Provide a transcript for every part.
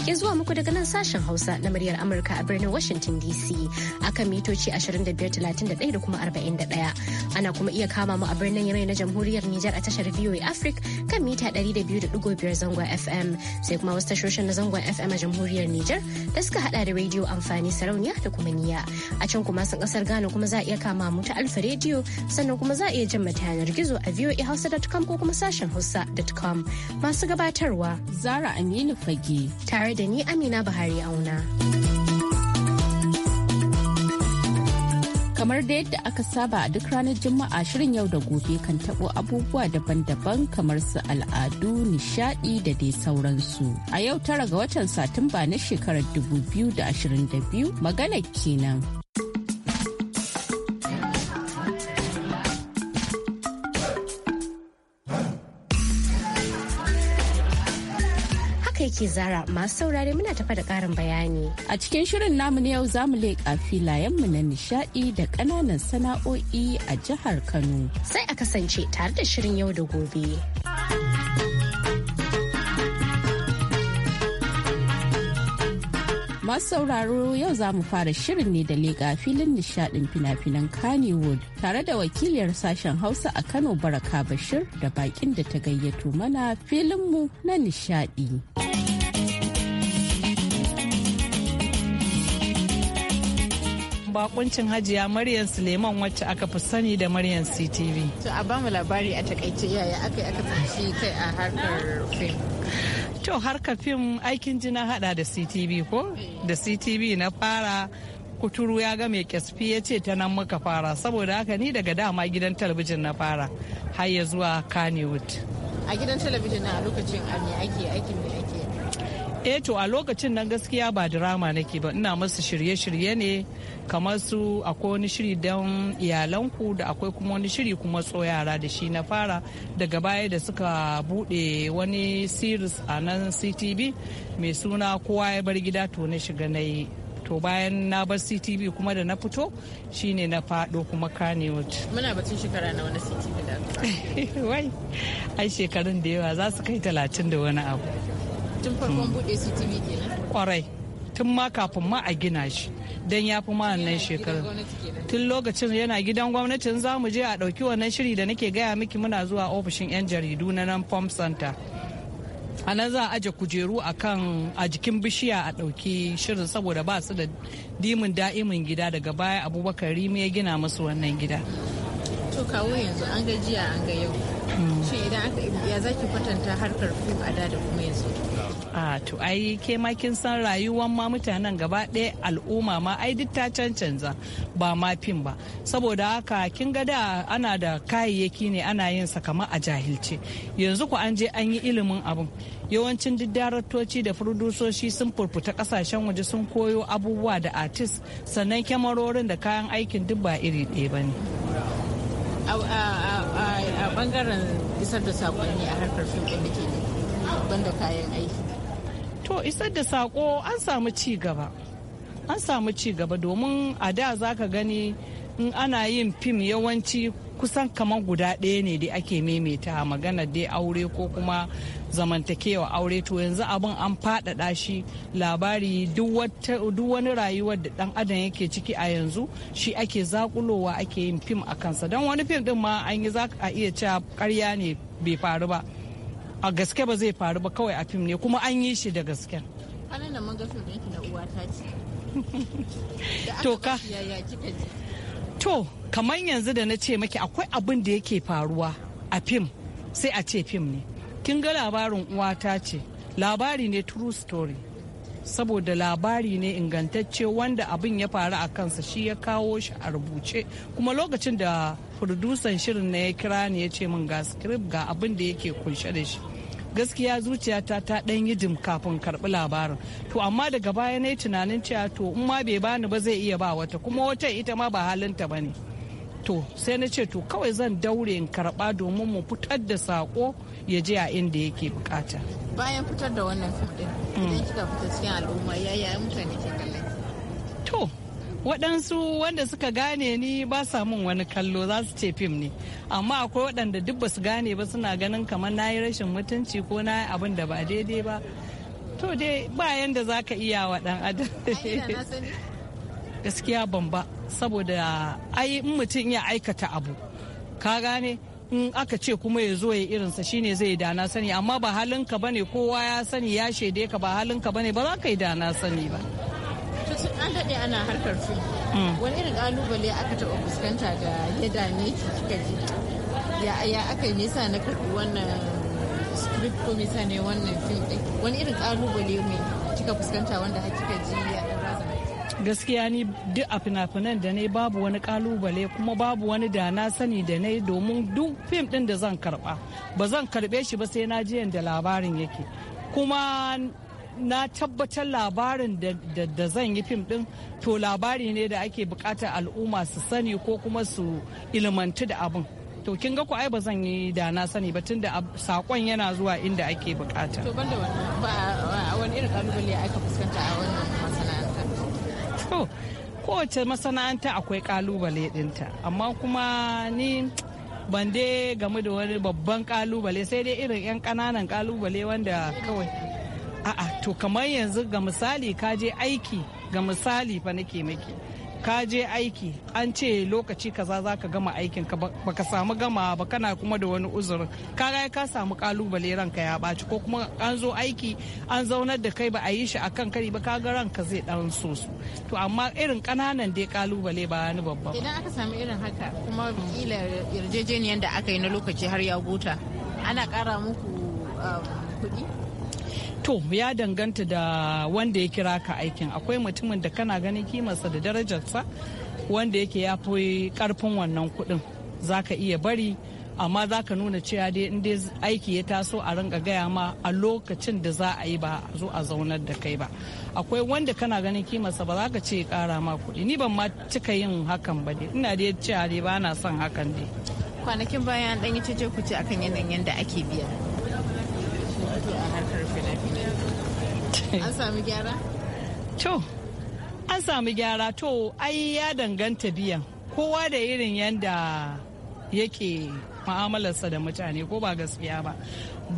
ke zuwa muku daga nan sashen Hausa na muryar Amurka a birnin Washington DC akan mitoci 2531 da kuma 41. Ana kuma iya kama mu a birnin yanayi na Jamhuriyar Nijar a tashar VOA Africa kan mita 200.5 zangon FM sai kuma wasu tashoshin na zangon FM a jamhuriyar Nijar da suka hada da rediyo amfani sarauniya da kuma niya. A can kuma sun kasar Ghana kuma za a iya kama mu ta alfa rediyo sannan kuma za a iya jin mata yanar gizo a voahausa.com ko kuma sashen hausa.com masu gabatarwa. Zara Aminu Fage. Tare da ni Amina Buhari Auna. kamar da yadda aka saba a duk ranar juma'a shirin yau da gobe kan tabo abubuwa daban-daban kamar su al'adu nishaɗi da dai sauransu a yau tara ga watan satumba na shekarar 2022 magana kenan ke zara masu saurare muna tafa da karin bayani. A cikin shirin namu na yau za mu leƙa filayenmu na nishaɗi da ƙananan sana'o'i a jihar Kano. Sai a kasance tare da shirin yau da gobe. Masu sauraro yau za mu fara shirin ne da leƙa filin nishadin fina-finan Kannywood tare da wakiliyar sashen Hausa a Kano Baraka Bashir da bakin da ta gayyato mana filinmu na nishadi. bakuncin hajiya Maryam Suleiman wacce aka fi sani da Maryam CTV. To a bamu labari a takaice yaya aka yi aka tsanci kai a harkar fim. To harka fim aikin jina hada da CTV ko? Da CTV na fara kuturu ya ga mai kyasfi ya ce ta nan muka fara saboda haka ni daga dama gidan talabijin na fara har ya zuwa Kannywood. A gidan talabijin na lokacin a me ake aikin da ake? eh to a lokacin nan gaskiya ba drama nake ba ina masu shirye-shirye ne kamar su akwai wani shiri don iyalanku da akwai kuma wani shiri kuma tso yara da shi na fara daga baya da suka bude wani series a nan ctv mai suna kowa ya bar gida to na shiga na yi to bayan na bar ctv kuma da na fito shine na fado kuma kanewood muna batun shekara na wani ctv da wai ai shekarun da yawa za su kai talatin da wani abu tun farkon hmm. bude ctv kenan kwarai tun ma kafin ma a gina shi don ya fi nan shekarar tun lokacin yana gidan gwamnatin za mu je a ɗauki wannan shiri da nake gaya miki muna zuwa ofishin 'yan jaridu na nan pump center a nan za a aje kujeru a kan a jikin bishiya a ɗauki shirin saboda ba su da dimin da'imin gida daga baya abubakar rimi ya gina musu wannan gida to kawo yanzu an ga jiya an ga yau hmm. shi idan ya zaki kwatanta harkar fim a da kuma yanzu a to ai ke ma kin san rayuwar ma mutanen gaba ɗaya al'umma ma ai duk ta cancanza ba ma fim ba saboda haka kin ga da ana da kayayyaki ne ana yin sa kamar a jahilce yanzu ku an je an yi ilimin abun yawancin duk daraktoci da furdusoshi sun furfuta kasashen waje sun koyo abubuwa da artist sannan kyamarorin da kayan aikin duk ba iri ɗaya ba ne a bangaren isar da sakonni a harkar fim da ke banda kayan aiki to isar da sako an samu ci gaba an samu ci gaba domin a da za ka gani in ana yin fim yawanci kusan kamar guda ɗaya ne da ake maimaita magana dai aure ko kuma zamantakewa aure to yanzu abin an faɗaɗa shi labari duk wani rayuwar da ɗan adam yake ciki a yanzu shi ake zakulowa ake yin fim a kansa don wani fim ɗin ma an yi za a iya cewa karya ne bai faru ba a gaske ba zai faru ba kawai a fim ne kuma an yi shi da gaske to ka kamar yanzu da na ce maki akwai abin da yake faruwa a fim sai a ce fim ne kin ga labarin uwata ce labari ne true story saboda labari ne ingantacce wanda abin ya faru a kansa shi ya kawo shi a rubuce kuma lokacin da furdusan shirin na ya kira ni ya ce min ga script ga abin da yake kunshe da shi gaskiya zuciyata ta ɗan yi jim kafin karɓi labarin to amma daga baya na tunanin cewa to in ma bai bani ba zai iya ba wata kuma wata ita ma ba halinta ba ne to sai na ce to kawai zan daure in karɓa domin mu fitar da sako ya je a inda yake bukata bayan fitar da wannan fim din hmm. idan kika fita cikin al'umma yaya mutane ke kallon to waɗansu wanda suka gane ni ba sa mun wani kallo za su ce fim ne amma akwai waɗanda duk ba su gane ba suna ganin kamar na yi rashin mutunci ko na yi abin da ba daidai ba to dai ba yanda za ka iya wa ɗan adam gaskiya ban ba saboda ai in mutum ya aikata abu ka gane in aka ce kuma ya zo ya irinsa shine zai dana sani amma ba halinka bane kowa ya sani ya shaide ka ba halinka bane ba za ka yi dana sani ba. an daɗe ana harkar su mm. wani irin kalubale aka taɓa fuskanta da ya dame ki kika ji ya aka yi nisa na karɓi wannan script ko nisa ne wannan film ɗin wani irin kalubale mai kika fuskanta wanda kika ji ya gaskiya ni duk a fina-finan da ne babu wani kalubale kuma babu wani da na sani da ne domin duk fim ɗin da zan karɓa ba zan karɓe shi ba sai na ji yadda labarin yake kuma na tabbatar labarin da zan yi fim din to labari ne da ake bukatar al'umma su sani ko kuma su ilmantu da abin to kin ga ku ai ba zan yi da na sani ba tunda sakon yana zuwa inda ake bukata to banda ba wani irin kalubale aka fuskanta a wannan masana'anta to kowace masana'anta akwai kalubale dinta amma kuma ni ban dai game da wani babban kalubale sai dai irin yan kananan kalubale wanda kawai a'a to kamar yanzu ga misali ka je aiki ga misali fa nake miki ka je aiki an ce lokaci kaza za ka gama aikin ka baka samu gama ba kana kuma da wani uzurin ka ga ka samu kalubale ranka ya baci ko kuma an zo aiki an zaunar da kai ba a yi shi akan kari ba ka ga ranka zai dan so su to amma irin kananan dai kalubale ba wani babba idan aka samu irin haka kuma kila yarjejeniyar da aka yi na lokaci har ya guta ana kara muku um, kuɗi to ya danganta da wanda ya kira ka aikin akwai mutumin da kana ganin kimarsa da darajarsa wanda yake ya fi karfin wannan kudin za ka iya bari amma za ka nuna cewa dai in aiki ya taso a ringa gaya ma a lokacin da za a yi ba zo a zaunar da kai ba akwai wanda kana ganin kimarsa ba za ka ce kara ma kuɗi ni ban ma cika yin hakan ba dai ina dai cewa dai ba na son hakan dai kwanakin bayan dan yi cece ku ce akan yanayin yadda ake biya an sami gyara? to an sami gyara to ai ya danganta biyan kowa da irin yadda yake ma'amalarsa da mutane ko ba gaskiya ba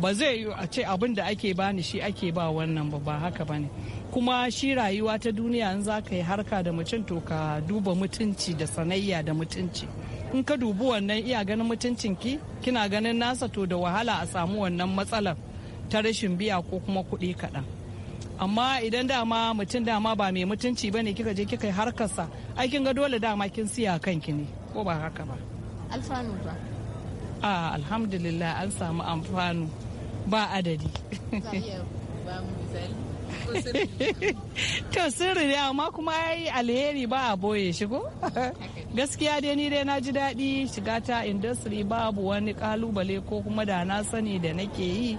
ba zai yi a ce abin da ake bani shi ake ba wannan ba ba haka ba ne kuma shi rayuwa ta duniya in za ka yi harka da mutum to ka duba mutunci da sanayya da mutunci in ka dubi wannan iya ganin mutuncinki kina ganin nasa to da wahala a samu wannan matsalar ta rashin biya ko kuma kuɗi kaɗan amma idan dama mutum dama ba mai mutunci bane kika je kika yi harkarsa aikin ga dole dama kin siya kanki ne ko ba haka ba alfanu ba a alhamdulillah an samu amfanu ba adadi to sirri ne amma kuma yi alheri ba a boye shigo gaskiya dai ni dai na ji daɗi shiga ta industry babu wani kalubale ko kuma da na sani da nake yi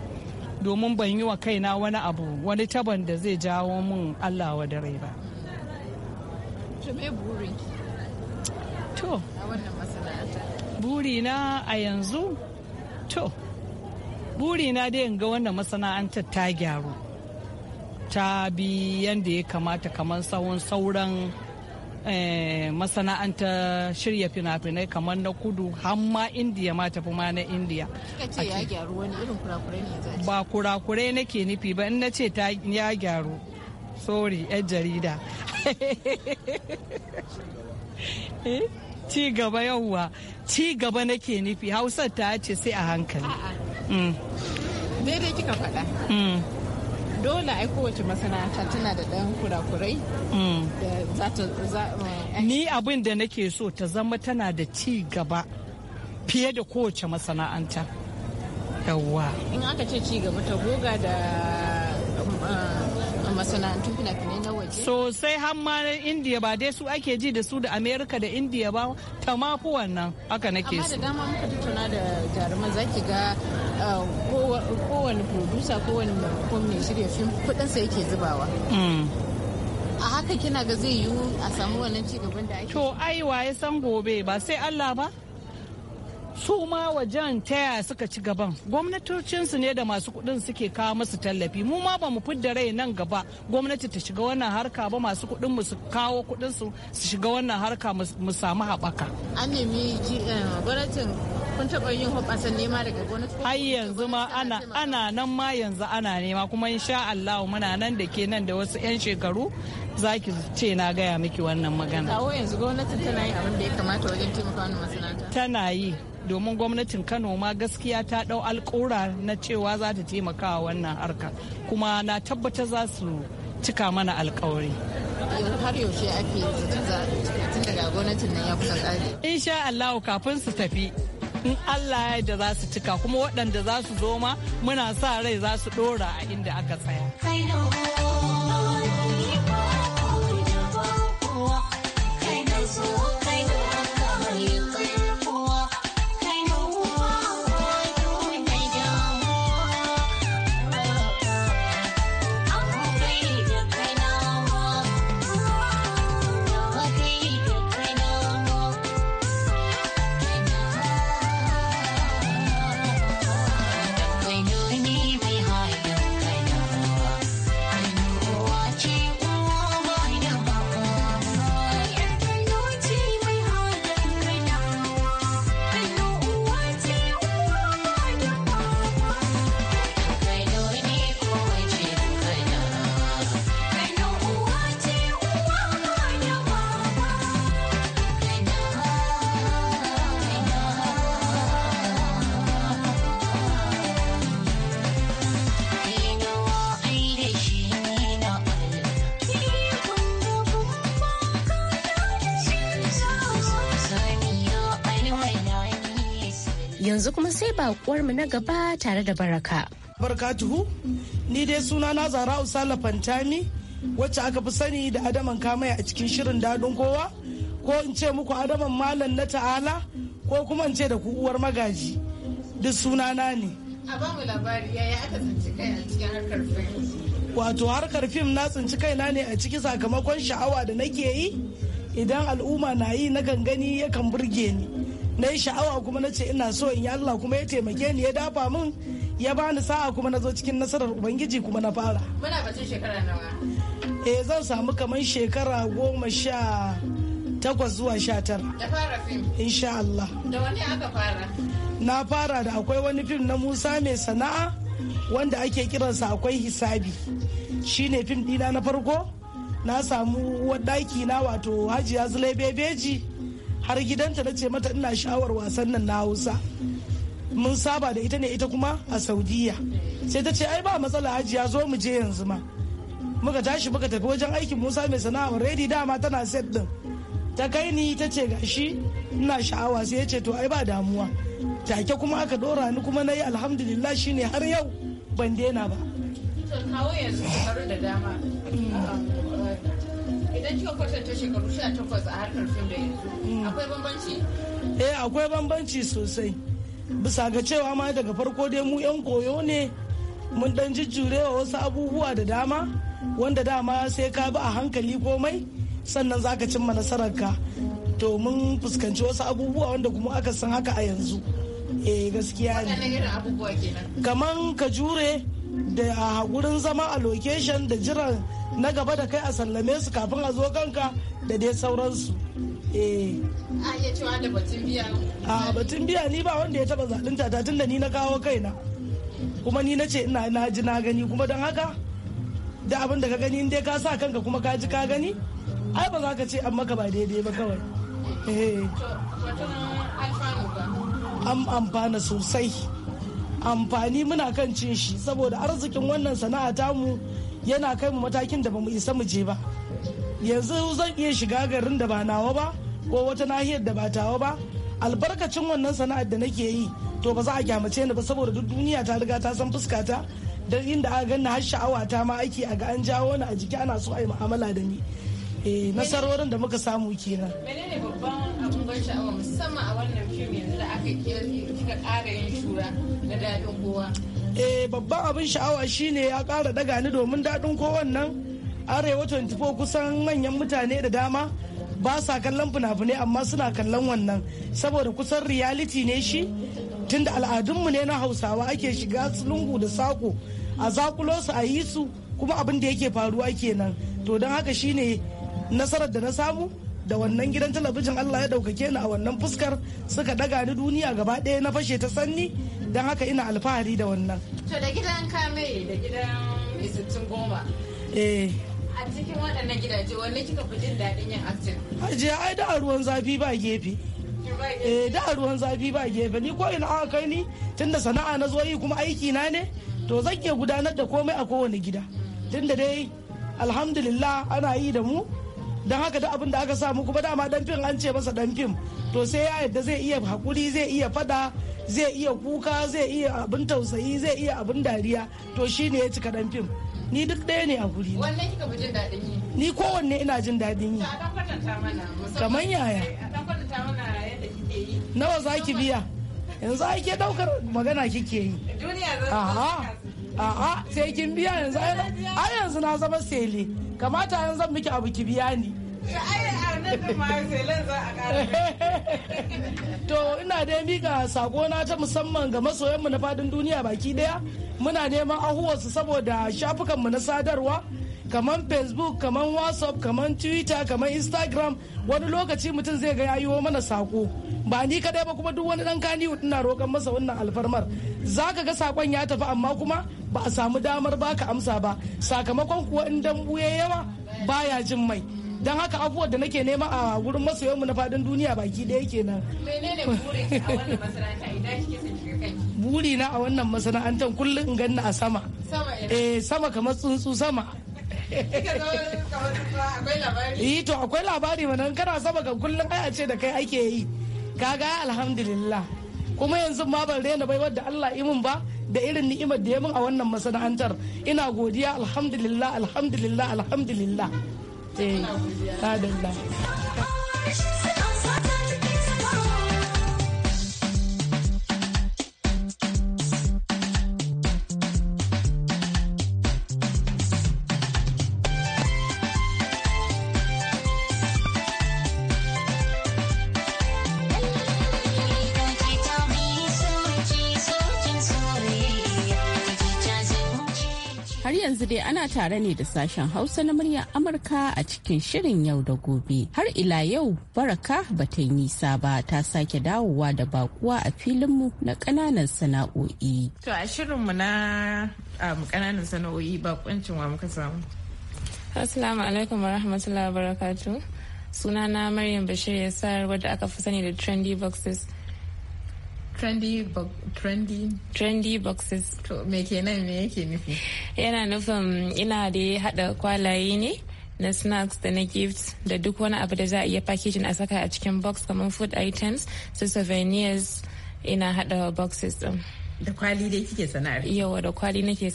domin ban yi wa kaina wani abu wani taban da zai jawo min allah wa dare ba to burina a yanzu to burina dai in ga wannan masana'antar ta gyaru ta bi yadda ya kamata kamar sauran Eh, masana'anta shirya fina-finai kamar na kudu hamma indiya ma tafi ma na indiya ba kurakurai nake nufi ba in na ce ya gyaru sorry yan jarida eh, ci gaba yauwa ci gaba nake nufi Hausa ta ce sai a hankali daidai mm. kika faɗa mm. dole ai kowace masana'anta tana da ɗan kurakurai mm. da za eh, ni abin da nake so ta zama tana da ci gaba fiye da kowace masana'anta yawwa in aka ce ci gaba ta goga da um, eh, masana'antu fina-finai na sosai har indiya ba dai su ake ji da su da amerika da indiya ba ta mafi wannan haka nake su amma da dama muka tattauna da jaruman zaki ga uh, kowane producer kowane mai shirya fim kudinsa yake zubawa mm. a haka kina ga zai yiwu a samu wannan ci da ake to ai waye san gobe ba sai Allah ba su ma wajen taya suka ci gaban gwamnatocinsu ne da masu kudin suke kawo musu tallafi mu ma ba mu fidda rai nan gaba gwamnati ta shiga wannan harka ba masu kudin mu su kawo kudin su su shiga wannan harka mu samu haɓaka an nemi eh, gwamnatin kun taɓa yin hoɓasa nema daga gwamnati har yanzu ma ana ana nan ma yanzu ana nema kuma insha Allah muna nan da ke nan da wasu 'yan shekaru za ki ce na gaya miki wannan magana. Kawo yanzu gwamnatin tana yin abin da ya kamata wajen taimaka masana'anta. Tana yi domin gwamnatin Kano ma gaskiya ta ɗau alƙura na cewa za ta taimaka wannan harka kuma na tabbata za su cika mana alƙawari. har yaushe ake zaton za tun daga gwamnatin nan ya kusa tsari. Insha Allah kafin su tafi in Allah ya da za su cika kuma waɗanda za su zo ma muna sa rai za su ɗora a inda aka tsaya. yanzu kuma sai mu na gaba tare da baraka. Barkatuhu, ni dai suna na zara usala fantami wacce aka fi sani da adaman kamai a cikin shirin dadin kowa ko in ce muku adaman malam na ta'ala ko kuma in ce da uwar magaji duk sunana ne. A ba mu labari yaya kai a cikin harkar fim. Wato harkar fim na tsinci kai na ne a ciki sakamakon sha'awa da nake yi idan al'umma na yi na gangani yakan burge ni. na yi sha'awa kuma na ce ina so in yi Allah kuma ya taimake ni ya dafa min ya bani sa'a kuma na zo cikin nasarar ubangiji kuma na fara muna batun shekara nawa eh zan samu kamar shekara goma sha takwas zuwa sha tara da fara fim insha Allah da wani aka fara na fara da akwai wani fim na Musa mai sana'a wanda ake kiransa akwai hisabi shine fim dina na farko na samu ɗaki na wato hajiya zulai bebeji har gidanta na ce mata ina sha'awar wasan nan na hausa mun saba da ita ne ita kuma a saudiya sai ta ce ai ba matsala hajiya zo mu je yanzu ma muka tashi muka tafi wajen aikin musa mai sana'a already dama tana set din ta kai ni ta ce gashi ina sha'awa sai ya ce to ai ba damuwa take kuma aka dora ni kuma nayi alhamdulillah shine har yau ban daina ba Mm. akwai bambanci eh akwai bambanci sosai bisa ga cewa ma daga farko dai mu yan koyo ne mun dan jujjurewa wasu abubuwa da dama wanda dama sai ka bi a hankali komai sannan za ka cimma nasararka to mun fuskanci wasu abubuwa wanda kuma aka san haka a yanzu e gaskiya ne kaman ka jure da a hakurin zama a location da jiran na gaba da kai a sallame su kafin a zo kanka da dai sauransu eh a iya cewa da batun biya a batun biya ni ba wanda ya taba zalunta ta tunda ni na kawo kaina kuma ni na ce ina na ji na gani kuma don haka da abin da ka gani in dai ka sa kanka kuma ka ji ka gani ai ba za ka ce an maka ba daidai ba kawai eh. an amfana sosai amfani muna kan cin shi saboda arzikin wannan sana'a tamu yana kai mu matakin da ba mu isa mu je ba yanzu zan iya shiga garin da ba nawa ba ko wata nahiyar da ba tawa ba albarkacin wannan sana'ar da nake yi to ba za a kyamace ni ba saboda duk duniya ta riga ta san fuska ta da inda aka ganna har sha'awa ta ma aiki a ga an jawo ni a jiki ana so a yi mu'amala da ni eh nasarorin da muka samu kenan menene babban abun ban sha'awa musamman a wannan fim yanzu da aka kiyaye kika ƙara yin shura da daɗin kowa eh babban abin sha'awa shine ya kara daga ni domin daɗin kowannan arewa 24 kusan manyan mutane da dama ba sa kallon fina-finai amma suna kallon wannan saboda kusan reality ne shi tunda al'adunmu ne na hausawa ake shiga lungu da sako a zakulo su a yi su kuma abin da yake faruwa kenan to don haka shine nasarar da na samu da wannan gidan talabijin Allah ya daukake ni a wannan fuskar suka daga ni duniya gaba ɗaya na fashe ta sanni don haka ina alfahari da wannan to da gidan kame da gidan mai goma eh a cikin waɗannan gidaje wanne kika fi jin daɗin yin acting Aje ai da ruwan zafi ba gefe eh da ruwan zafi ba gefe ni ko ina aka kai ni tunda sana'a na zo yi kuma aiki na ne to zan ke gudanar da komai a kowane gida tunda dai alhamdulillah ana yi da mu don haka da abin da aka samu kuma dama dan fim an ce masa dan fim to sai ya yadda zai iya hakuri zai iya fada zai iya kuka zai iya abin tausayi zai iya abin dariya to shine ya cika dan fim ni duk ɗaya ne a guri wanne ni kowanne ina jin daɗin yi kamar yaya eh, nawa za ki biya yanzu ake ɗaukar magana kike yi a'a a'a sai kin biya yanzu ai yanzu na zama sele kamata yanzu zan miki abu ki biya ni To ina dai mika na ta musamman ga masoyanmu na fadin duniya baki daya muna neman ahuwarsu saboda shafukanmu na sadarwa kaman facebook kaman whatsapp kaman twitter kaman instagram wani lokaci mutum zai ga yayiwo mana sako ba ni kadai ba kuma duk wani dan kani ina roƙon masa wannan alfarmar zaka ga sakon ya tafi amma kuma ba a samu damar baka amsa ba sakamakon kuwa in dan yawa baya jin mai don haka abubuwan da nake nema a wurin masoyanmu na fadin duniya baki daya kenan menene a wannan idan son buri na a wannan masana'antar kullum in ganna a sama eh sama kamar tsuntsu sama yi eh to akwai labari mana kana sama ga kullum ai a ce da kai ake yi kaga alhamdulillah kuma yanzu ma ban rena bai wadda Allah imin ba da irin ni'imar da ya min a wannan masana'antar ina godiya alhamdulillah alhamdulillah alhamdulillah eh yanzu dai ana tare ne da sashen Hausa na muryar Amurka a cikin shirin yau da gobe. Har ila yau baraka ba ta yi nisa ba ta sake dawowa da bakuwa a filinmu na kananan sana'o'i. To a shirinmu na kananan um, sana'o'i bakuncin wa muka samu. Assalamu alaikum wa rahmatullahi wa barakatu. Sunana Maryam Bashir ya sayar wadda aka fi sani da Trendy Boxes. trendy trendy trendy boxes to me kenan me yake nufi yana nufin ina da hada kwalaye ne na snacks da na gifts da duk wani abu da za a iya packaging a saka a cikin box kamar food items su souvenirs ina hada boxes din da kwali dai kike sana'ar yawa da kwali nake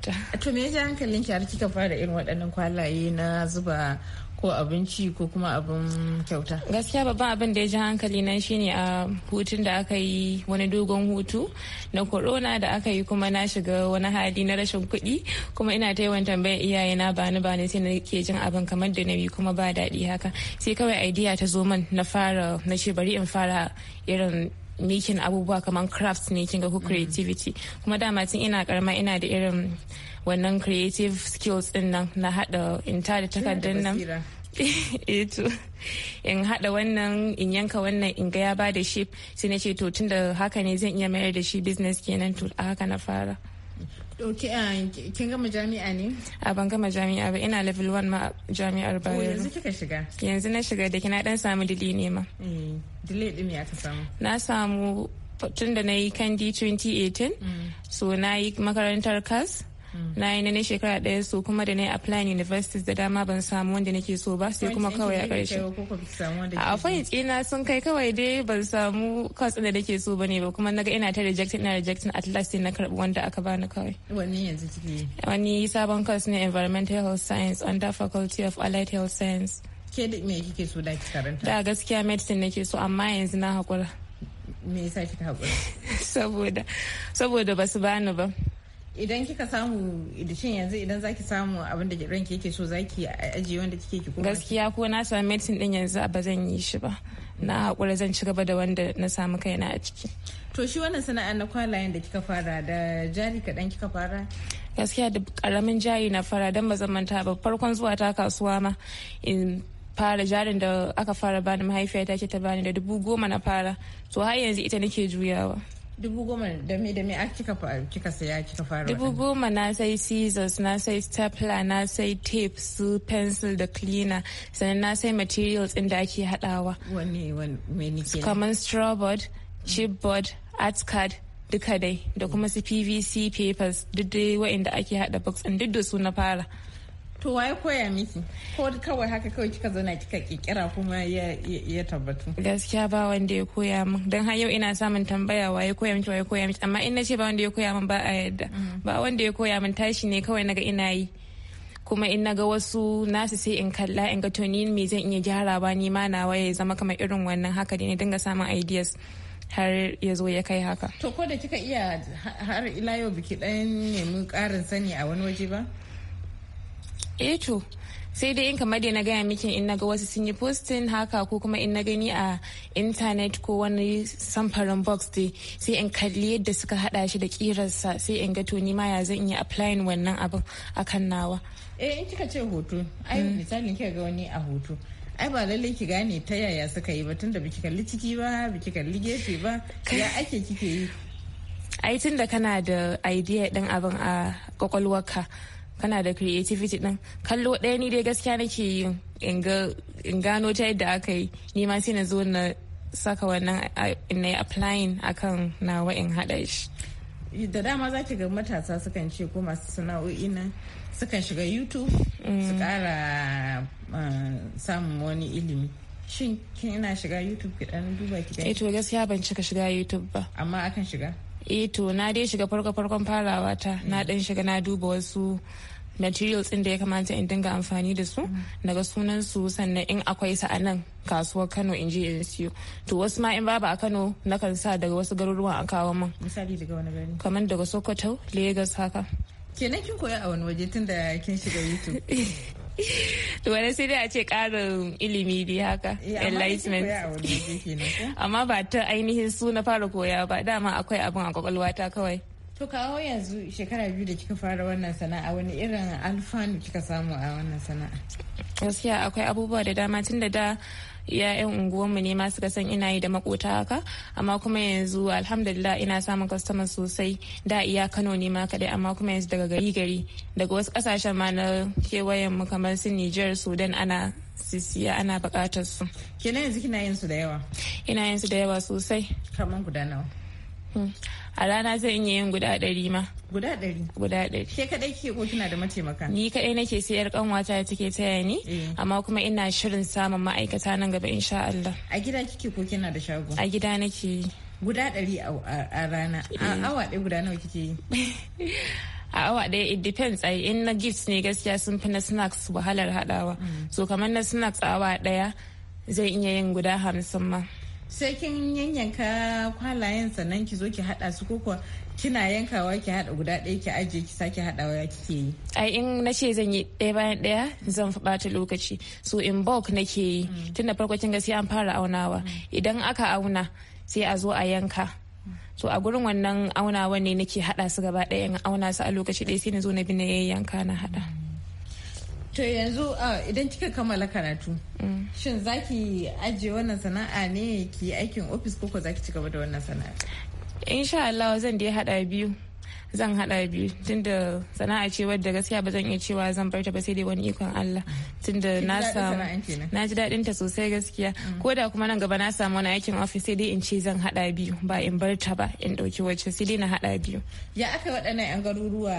ta. to me ya hankalin ki har kika fara irin waɗannan kwalaye na zuba ko abinci ko kuma abin kyauta gaskiya babban abin da ya ji hankali na shine a hutun da aka yi wani dogon hutu na korona da aka yi kuma na shiga wani hali na rashin kuɗi kuma ina ta yawan tambayar iyaye na bani bani sai na ke jin abin kamar da nabi kuma ba daɗi haka sai kawai idea ta zo man na fara na ce bari in fara irin making abubuwa kamar crafts ne kinga ko creativity kuma dama tun ina karama ina da irin wannan creative skills din nan na hada in ta da takardar nan eto eh in hada wannan in yanka wannan in ga ya ba da shape sai na ce to tun da haka ne zan iya mayar da shi business kenan to haka na fara Eh, kin gama jami'a ne? A ban gama jami'a ba ina level 1 ma jami'ar Bayero. yanzu kika shiga? Yanzu na shiga da kina dan samu dili ne ma. Eh, dili din ya ta samu? Na samu tun da na yi kandi 2018 mm. so na yi makarantar kas Mm. na yi na shekara ɗaya so kuma da na yi applying universities da dama ban samu wanda nake so ba sai kuma kawai a ƙarshe a fahimci na sun kai kawai dai ban samu course da nake so bane ba kuma naga ina ta rejected ina rejecting at last sai na karbi wanda aka bani kawai wani yanzu kike wani sabon course ne environmental health science under faculty of allied health science ke me kike so da karanta da gaskiya medicine nake so amma yanzu na hakura me yasa kika hakura saboda saboda basu bani ba idan kika samu idishin yanzu idan zaki samu abin da ranki yake so zaki ajiye wanda kike ki kuma gaskiya ko na samu medicine din yanzu ba zan yi shi ba na hakura zan ci gaba da wanda na samu kaina a ciki to shi wannan sana'a na kwalayen da kika fara da jari kaɗan kika fara gaskiya da karamin jari na fara dan ba manta ba farkon zuwa ta kasuwa ma in fara jarin da aka fara bani mahaifiyata ke ta bani da dubu goma na fara to har yanzu ita nake juyawa dubu goma da me da me a kika kika saya kika fara dubu goma na sai scissors na sai stapler na sai tape su pencil da cleaner sannan na sai materials da ake hadawa wani wani me nike kamar straw board chipboard art card duka dai da kuma su pvc papers duk dai wa'inda ake hada box din duk da su na fara To waye koya miki? Ko kawai haka kawai kika zauna kika kikira kuma ya tabbatu? Gaskiya ba wanda ya koya min. Don har yau ina samun tambaya waye koya miki waye koya miki amma in nace ba wanda ya koya min ba a yadda. Mm. Ba wanda ya koya min tashi ne kawai naga ina yi. kuma in naga wasu nasu sai in kalla in ga to ni me zan iya gyara ba ni ma na ya zama kamar irin wannan haka ne dinga samun ideas har ya zo ya kai haka. To ko da kika iya har ila yau biki ɗayan nemi ƙarin sani a wani waje ba? eto eh to sai dai in kamar da na gaya miki in naga wasu sun yi postin haka ko kuma in na gani a intanet ko wani samfarin box dai sai in kalli yadda suka hada shi da kirarsa sai in ga to ni ma ya zan iya applying wannan abin akan nawa eh in kika ce hoto ai mm. misali kika ga wani a hoto ai ba lallai ki gane ta yaya suka yi ba tunda biki kalli ciki ba biki kalli gefe ba ya ake kike yi ai tunda kana da idea din abin a kwakwalwarka kana da creativity din kallo ɗaya ni dai gaskiya nake yi in gano ta yadda aka yi ni ma sai na zo na saka wannan na yi applying akan nawa in haɗa shi da dama za ki ga matasa sukan ce ko masu sana'o'i nan sukan shiga youtube su kara mm. ah, samun wani ilimi shin kina shiga youtube ki dan duba ki gani eh to gaskiya ban cika shiga youtube ba amma akan shiga eh to na dai shiga farko farkon farawa ta na dan shiga na duba wasu materials din da ya kamata in dinga amfani da su daga sunan su sannan in akwai sa a kasuwar Kano in je in siyo to wasu ma in babu a Kano na kan sa daga wasu garuruwan a kawo min misali daga wani gari kamar daga Sokoto Lagos haka kenan kin koya a wani waje tun da kin shiga youtube wani sai dai a ce karin ilimi dai haka eh, enlightenment amma ba ta ainihin su na fara koya ba dama akwai abin a kwakwalwa ta kawai to kawo yanzu shekara biyu da kika fara wannan sana'a wani irin alfanu kika samu a wannan sana'a gaskiya akwai abubuwa da dama tun da da iyayen yan unguwanmu ne ma suka san ina yi da makota haka amma kuma yanzu alhamdulillah ina samun kwastama sosai da iya kano ne ma kadai amma kuma yanzu daga gari gari daga wasu kasashen ma na kewayen mu kamar su niger sudan ana sisiya ana bukatar su kenan yanzu kina yin su da yawa ina yin su da yawa sosai kamar guda nawa Hmm. a rana zan iya yin guda ɗari ma guda ɗari guda ɗari ke kaɗai ke ko kina da mataimaka ni kaɗai nake sai yar ta take taya ni eh. amma kuma ina shirin samun ma'aikata nan gaba insha Allah a gida kike ko kina da shago a gida nake guda ɗari a rana a eh. awa ɗaya guda nawa kike yi a awa ɗaya it depends ai in na gifts ne gaskiya sun fi na snacks wahalar haɗawa hmm. so kamar na snacks a awa ɗaya zai iya yin guda hamsin ma sai kin yanyanka kwalayen sannan ki zo ki hada su ko kina yankawa ki hada guda ɗaya ki ajiye ki sake hadawa kike yi ai in na ce zan yi ɗaya bayan ɗaya zan bata lokaci so in bulk nake yi mm. tun da farko kin sai an fara aunawa mm. idan aka auna sai a zo a yanka mm. so a gurin wannan aunawa ne nake hada su gaba ɗaya in auna su a lokaci ɗaya sai na zo na bi na yayyanka na hada to yanzu idan kika kammala karatu shin zaki ajiye wannan sana'a ne ki aikin ofis koko zaki ci gaba da wannan sana'a insha Allah zan dai haɗa biyu zan hada biyu tunda sana'a ce wadda gaskiya ba zan iya cewa zan bar ta ba sai dai wani ikon Allah tunda na samu na ji dadin ta sosai gaskiya mm. ko da kuma nan gaba na samu wani aikin office sai dai in ce zan hada biyu ba in bar ta ba in dauki wacce sai dai na hada biyu ya aka waɗannan yan garuruwa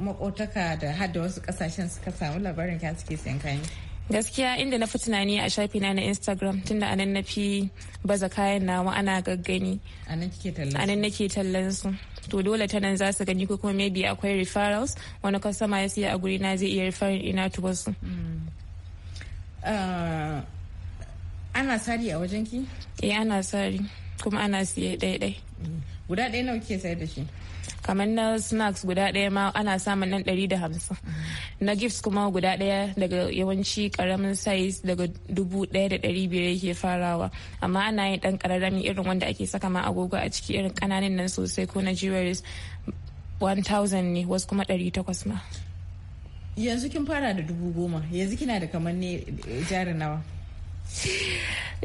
makotaka da hadda wasu kasashen suka samu labarin ka suke sayan kayan gaskiya inda na fi tunani a shafi na na instagram tunda anan na fi baza kayan nawa ana gaggani anan nake tallansu. to dole ta nan za su gani ko kuma maybe akwai referrals wani customer ya siya a guri na zai iya referring ina to wasu mm. uh, ana sari a wajen ki? eh ana sari kuma ana siya ɗaya ɗaya mm. guda ɗaya nawa kike sayar da shi kamar na snacks guda daya ma ana samun nan ɗari da hamsin na gifts kuma guda daya daga yawanci karamin size daga dubu da ɗari biyar yake farawa amma ana yin ɗan kararrami irin wanda ake saka ma agogo a ciki irin ƙananan nan sosai ko na jewelries 1000 ne wasu kuma 800 ma yanzu kin fara da dubu goma yanzu kina da kamar ne jarin nawa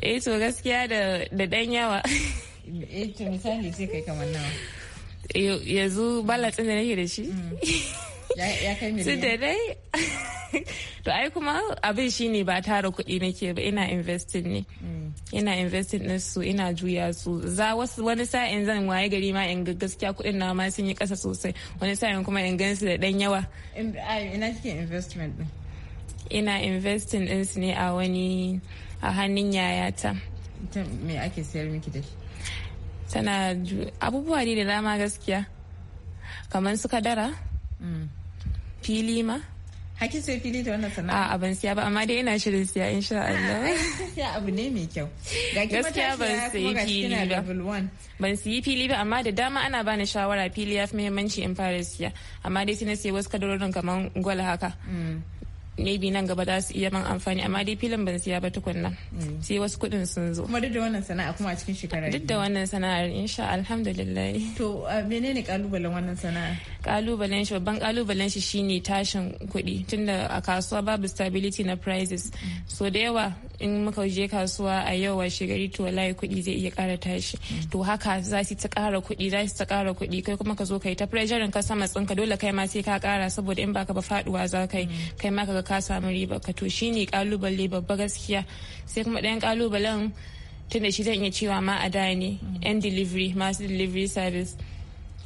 eh to gaskiya da dan yawa eh to misali sai kai kamar nawa yanzu balatsin da nake da shi mm. ya kai da dai to ai kuma abin ne ba tara kuɗi nake ba ina investing ne mm. ina investing din su ina juya su za wasu wani sa'in zan waye gari ma in ga gaskiya kuɗin na ma sun yi ƙasa sosai wani sa'in kuma in gan su da ɗan yawa ina cikin investment din ina investing din su ne a wani a hannun yayata me ake sayar miki da shi tana abubuwa ne da dama gaskiya kamar su kadara mm. fili ma hakin sai fili da wannan sana'a a ban siya ba amma dai ina shirin siya insha Allah ya abu ne mai kyau gaskiya ban siya fili ba ban siyi fili ba amma da dama ana bani shawara fili ya fi muhimmanci in fara siya amma dai sai na siya wasu kadarorin kamar gwal haka mm. maybe nan gaba za su iya man amfani amma dai filin ban siya ba tukunna mm. sai wasu kuɗin sun zo kuma duk da wannan sana'a kuma a cikin shekara duk da wannan sana'ar insha alhamdulillah to menene kalubalen wannan sana'a kalubalen shi babban kalubalen shi shine tashin kuɗi tunda a kasuwa babu stability na prices mm. so da yawa in muka je kasuwa a yau washe gari to wallahi kuɗi zai iya ƙara tashi to haka za su ta ƙara kuɗi za su ta ƙara kuɗi kai kuma ka zo kai ta pressuring ka sama tsinka dole kai ma sai ka ƙara saboda in baka ba faɗuwa za kai kai ma kaga ka samu riba ka to shine kalubale babba gaskiya sai kuma ɗayan ƙalubalen tunda shi zan iya cewa ma a da ne yan mm. delivery masu delivery service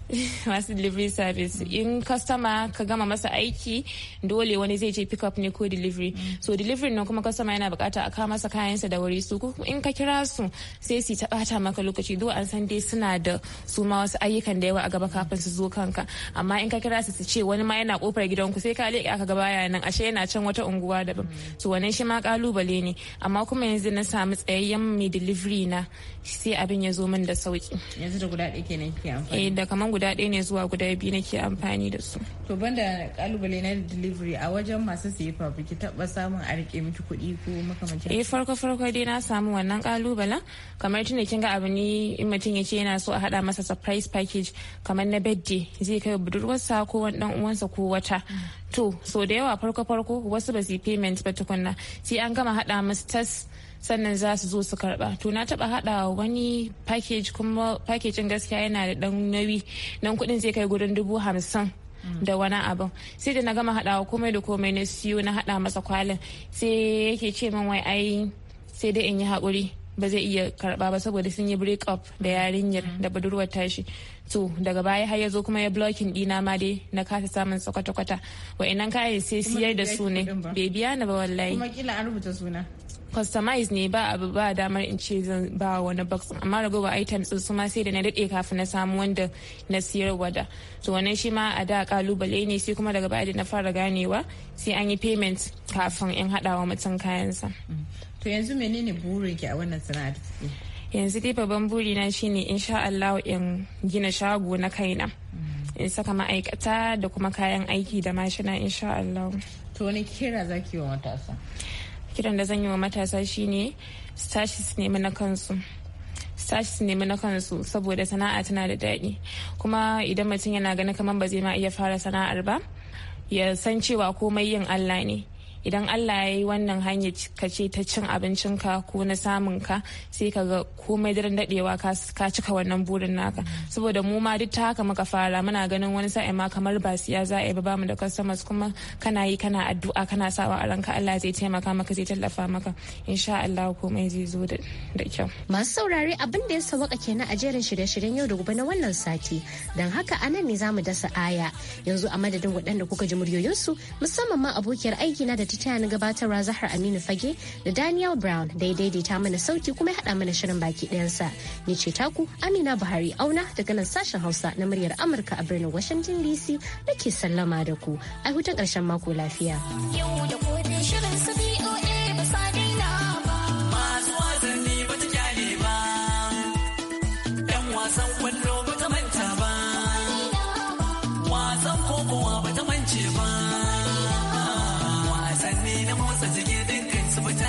masu delivery service in customer ka gama masa aiki dole wani zai je pick up ne ko delivery so delivery nan kuma customer yana bukata a kawo masa kayansa da wuri su in ka kira su sai su ta bata maka lokaci do an san dai suna da su ma wasu ayyukan da yawa a gaba kafin su zo kanka amma in ka kira su su ce wani ma yana kofar gidanku sai ka leƙa ka gaba yana nan ashe yana can wata unguwa daban so wannan shi ma kalubale ne amma kuma yanzu na samu tsayayyen mai delivery na sai abin ya zo min da sauki yanzu da guda ɗaya kenan ke amfani eh da kaman guda ɗaya ne zuwa guda biyu nake amfani da su. To banda kalubale na delivery a wajen masu siye fafi taɓa samun a rike miki kuɗi ko makamancin? Eh farko farko dai na samu wannan kalubalen kamar tunda kin ga abu ne in mutum ya ce yana so a haɗa masa surprise package kamar na birthday zai kai budurwarsa ko wani ɗan uwansa ko wata. Mm. To so da yawa farko farko wasu ba su yi payment ba tukunna sai an gama haɗa masu tas sannan za su zo su karba to na taba hada wani package kuma packaging gaskiya yana da dan nauyi dan kudin zai kai gurin dubu hamsin da wani abin sai da na gama hadawa komai da komai na siyo na hada masa kwalin sai yake ce min wai ai sai dai in yi hakuri ba zai iya karba ba saboda sun yi break up da yarinyar da budurwar tashi to daga baya har ya zo kuma ya blocking dina ma dai na kasa samun sa kwata-kwata wa'annan kayan sai siyar da su ne bai biya na ba wallahi kuma kila an rubuta suna customize ne ba abu ba damar in ce zan ba wani box amma ragowa items su ma sai da na dade kafin na samu wanda na siyarwa da to wannan shi ma a da kalubale ne sai kuma daga baya da na fara ganewa sai an yi payment kafin in wa mutum kayansa to yanzu menene burin ki a wannan sana'ar yanzu dai babban na shine insha Allah in gina shago na kaina mm. in saka ma'aikata da kuma kayan aiki da mashina insha Allah to wani kira zaki wa matasa kiran da zan yi wa matasa shine ne tashi su nemi na kansu su nemi na kansu saboda sana'a tana da daɗi kuma idan mutum yana ganin kamar ba zai ma iya fara sana'ar ba ya san cewa komai yin allah ne idan allah ya yi wannan hanyar ka ce ta cin abincinka ko na samun ka sai ka ga komai daren dadewa ka cika wannan burin naka saboda mu ma duk ta haka muka fara muna ganin wani sa'i ma kamar ba siya za a yi ba mu da customers kuma kana yi kana addu'a kana sawa a ranka allah zai taimaka maka zai tallafa maka insha allah komai zai zo da kyau masu saurare abin da ya sawaka kenan a jerin shirye-shiryen yau da gobe na wannan sati don haka anan ne za mu dasa aya yanzu a madadin waɗanda kuka ji muryoyinsu musamman ma abokiyar aiki na da ta ta taya ni gabatarwa Zahar Aminu Fage da Daniel Brown da ya daidaita mana sauti kuma ya haɗa mana shirin baki ɗayansa. Ni ce taku Amina Buhari Auna daga nan sashen Hausa na muryar Amurka a birnin Washington DC da ke sallama da ku. Ai hutun ƙarshen mako lafiya.